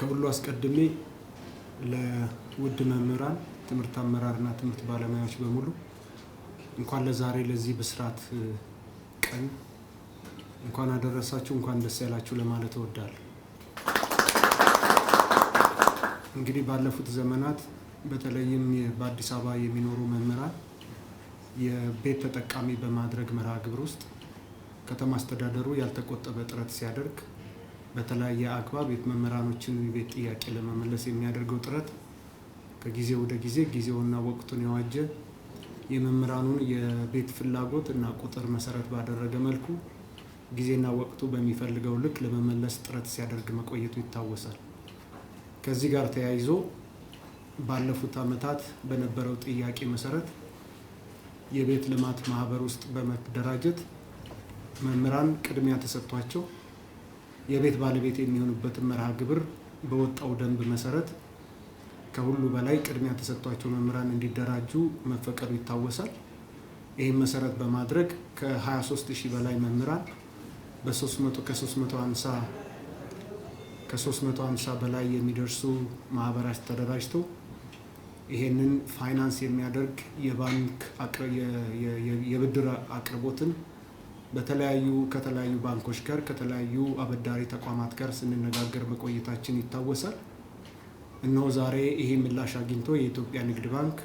ከሁሉ አስቀድሜ ለውድ መምህራን፣ ትምህርት አመራርና ትምህርት ባለሙያዎች በሙሉ እንኳን ለዛሬ ለዚህ ብስራት ቀን እንኳን አደረሳችሁ፣ እንኳን ደስ ያላችሁ ለማለት እወዳለሁ። እንግዲህ ባለፉት ዘመናት በተለይም በአዲስ አበባ የሚኖሩ መምህራን የቤት ተጠቃሚ በማድረግ መርሃ ግብር ውስጥ ከተማ አስተዳደሩ ያልተቆጠበ ጥረት ሲያደርግ በተለያየ አግባብ የመምህራኖችን ቤት ጥያቄ ለመመለስ የሚያደርገው ጥረት ከጊዜ ወደ ጊዜ ጊዜውና ወቅቱን የዋጀ የመምህራኑን የቤት ፍላጎት እና ቁጥር መሰረት ባደረገ መልኩ ጊዜና ወቅቱ በሚፈልገው ልክ ለመመለስ ጥረት ሲያደርግ መቆየቱ ይታወሳል። ከዚህ ጋር ተያይዞ ባለፉት ዓመታት በነበረው ጥያቄ መሰረት የቤት ልማት ማህበር ውስጥ በመደራጀት መምህራን ቅድሚያ ተሰጥቷቸው የቤት ባለቤት የሚሆኑበትን መርሃ ግብር በወጣው ደንብ መሰረት ከሁሉ በላይ ቅድሚያ ተሰጥቷቸው መምህራን እንዲደራጁ መፈቀዱ ይታወሳል። ይህም መሰረት በማድረግ ከ23 ሺህ በላይ መምህራን ከ350 በላይ የሚደርሱ ማህበራት ተደራጅተው ይሄንን ፋይናንስ የሚያደርግ የባንክ የብድር አቅርቦትን በተለያዩ ከተለያዩ ባንኮች ጋር ከተለያዩ አበዳሪ ተቋማት ጋር ስንነጋገር መቆየታችን ይታወሳል። እነሆ ዛሬ ይሄ ምላሽ አግኝቶ የኢትዮጵያ ንግድ ባንክ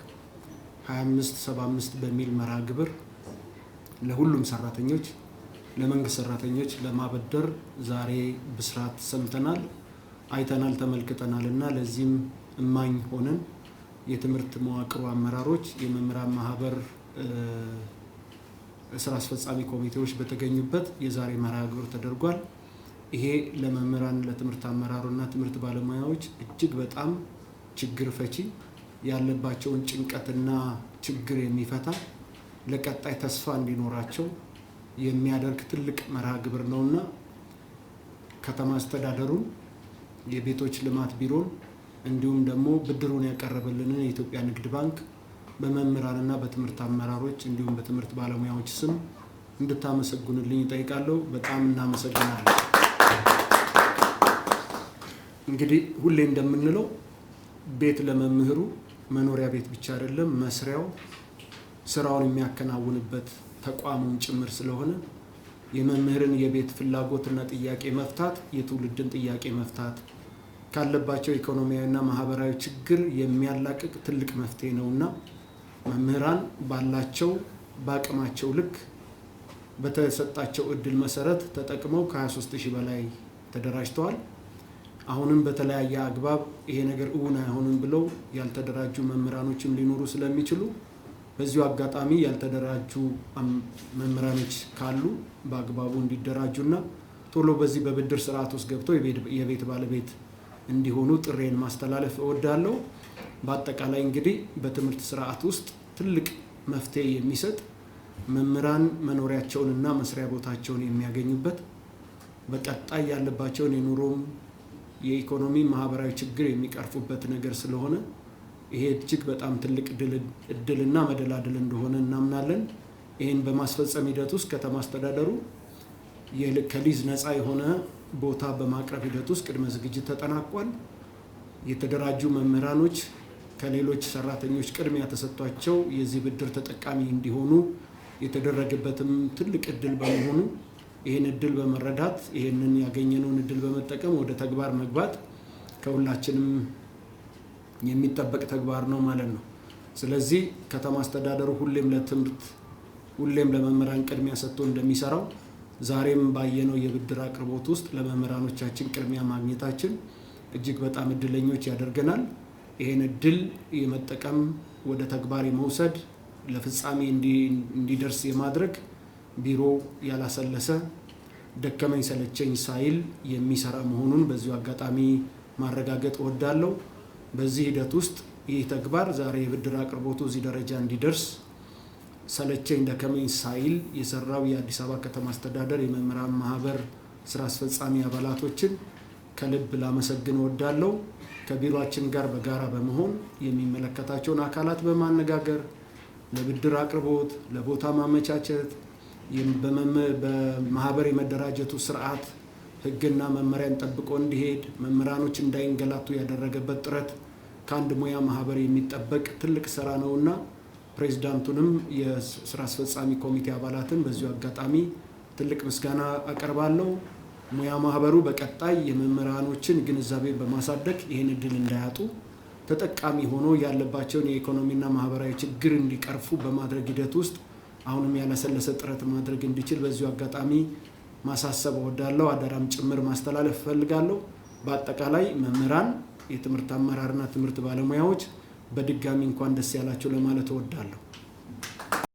2575 በሚል መርሃ ግብር ለሁሉም ሰራተኞች፣ ለመንግስት ሰራተኞች ለማበደር ዛሬ ብስራት ሰምተናል፣ አይተናል፣ ተመልክተናል እና ለዚህም እማኝ ሆነን የትምህርት መዋቅሩ አመራሮች፣ የመምህራን ማህበር ስራ አስፈጻሚ ኮሚቴዎች በተገኙበት የዛሬ መርሃ ግብር ተደርጓል። ይሄ ለመምህራን ለትምህርት አመራሩና ትምህርት ባለሙያዎች እጅግ በጣም ችግር ፈቺ ያለባቸውን ጭንቀትና ችግር የሚፈታ ለቀጣይ ተስፋ እንዲኖራቸው የሚያደርግ ትልቅ መርሃ ግብር ነውና ከተማ አስተዳደሩን፣ የቤቶች ልማት ቢሮን እንዲሁም ደግሞ ብድሩን ያቀረበልንን የኢትዮጵያ ንግድ ባንክ በመምህራንና በትምህርት አመራሮች እንዲሁም በትምህርት ባለሙያዎች ስም እንድታመሰግኑልኝ ይጠይቃለሁ። በጣም እናመሰግናለን። እንግዲህ ሁሌ እንደምንለው ቤት ለመምህሩ መኖሪያ ቤት ብቻ አይደለም፣ መስሪያው ስራውን የሚያከናውንበት ተቋሙን ጭምር ስለሆነ የመምህርን የቤት ፍላጎትና ጥያቄ መፍታት የትውልድን ጥያቄ መፍታት ካለባቸው ኢኮኖሚያዊና ማህበራዊ ችግር የሚያላቅቅ ትልቅ መፍትሄ ነውና መምህራን ባላቸው በአቅማቸው ልክ በተሰጣቸው እድል መሰረት ተጠቅመው ከ23 ሺህ በላይ ተደራጅተዋል። አሁንም በተለያየ አግባብ ይሄ ነገር እውን አይሆንም ብለው ያልተደራጁ መምህራኖችም ሊኖሩ ስለሚችሉ በዚሁ አጋጣሚ ያልተደራጁ መምህራኖች ካሉ በአግባቡ እንዲደራጁና ቶሎ በዚህ በብድር ስርዓት ውስጥ ገብተው የቤት ባለቤት እንዲሆኑ ጥሬን ማስተላለፍ እወዳለሁ። በአጠቃላይ እንግዲህ በትምህርት ስርዓት ውስጥ ትልቅ መፍትሄ የሚሰጥ መምህራን መኖሪያቸውንና መስሪያ ቦታቸውን የሚያገኙበት በቀጣይ ያለባቸውን የኑሮም የኢኮኖሚ ማህበራዊ ችግር የሚቀርፉበት ነገር ስለሆነ ይሄ እጅግ በጣም ትልቅ እድልና መደላድል እንደሆነ እናምናለን። ይህን በማስፈጸም ሂደት ውስጥ ከተማ አስተዳደሩ ከሊዝ ነፃ የሆነ ቦታ በማቅረብ ሂደት ውስጥ ቅድመ ዝግጅት ተጠናቋል። የተደራጁ መምህራኖች ከሌሎች ሰራተኞች ቅድሚያ ተሰጥቷቸው የዚህ ብድር ተጠቃሚ እንዲሆኑ የተደረገበትም ትልቅ እድል በመሆኑ ይህን እድል በመረዳት ይህንን ያገኘነውን እድል በመጠቀም ወደ ተግባር መግባት ከሁላችንም የሚጠበቅ ተግባር ነው ማለት ነው። ስለዚህ ከተማ አስተዳደሩ ሁሌም ለትምህርት ሁሌም ለመምህራን ቅድሚያ ሰጥቶ እንደሚሰራው ዛሬም ባየነው የብድር አቅርቦት ውስጥ ለመምህራኖቻችን ቅድሚያ ማግኘታችን እጅግ በጣም እድለኞች ያደርገናል። ይሄን እድል የመጠቀም ወደ ተግባር የመውሰድ ለፍጻሜ እንዲደርስ የማድረግ ቢሮ ያላሰለሰ ደከመኝ ሰለቸኝ ሳይል የሚሰራ መሆኑን በዚሁ አጋጣሚ ማረጋገጥ እወዳለሁ። በዚህ ሂደት ውስጥ ይህ ተግባር ዛሬ የብድር አቅርቦቱ እዚህ ደረጃ እንዲደርስ ሰለቸኝ ደከመኝ ሳይል የሰራው የአዲስ አበባ ከተማ አስተዳደር የመምህራን ማህበር ስራ አስፈጻሚ አባላቶችን ከልብ ላመሰግን እወዳለሁ። ከቢሮአችን ጋር በጋራ በመሆን የሚመለከታቸውን አካላት በማነጋገር ለብድር አቅርቦት፣ ለቦታ ማመቻቸት፣ በማህበር የመደራጀቱ ስርዓት ህግና መመሪያን ጠብቆ እንዲሄድ መምህራኖች እንዳይንገላቱ ያደረገበት ጥረት ከአንድ ሙያ ማህበር የሚጠበቅ ትልቅ ስራ እና ፕሬዚዳንቱንም የስራ አስፈጻሚ ኮሚቴ አባላትን በዚሁ አጋጣሚ ትልቅ ምስጋና አቀርባለሁ። ሙያ ማህበሩ በቀጣይ የመምህራኖችን ግንዛቤ በማሳደግ ይህን እድል እንዳያጡ ተጠቃሚ ሆኖ ያለባቸውን የኢኮኖሚና ማህበራዊ ችግር እንዲቀርፉ በማድረግ ሂደት ውስጥ አሁንም ያላሰለሰ ጥረት ማድረግ እንዲችል በዚሁ አጋጣሚ ማሳሰብ እወዳለሁ። አደራም ጭምር ማስተላለፍ እፈልጋለሁ። በአጠቃላይ መምህራን፣ የትምህርት አመራርና ትምህርት ባለሙያዎች በድጋሚ እንኳን ደስ ያላቸው ለማለት እወዳለሁ።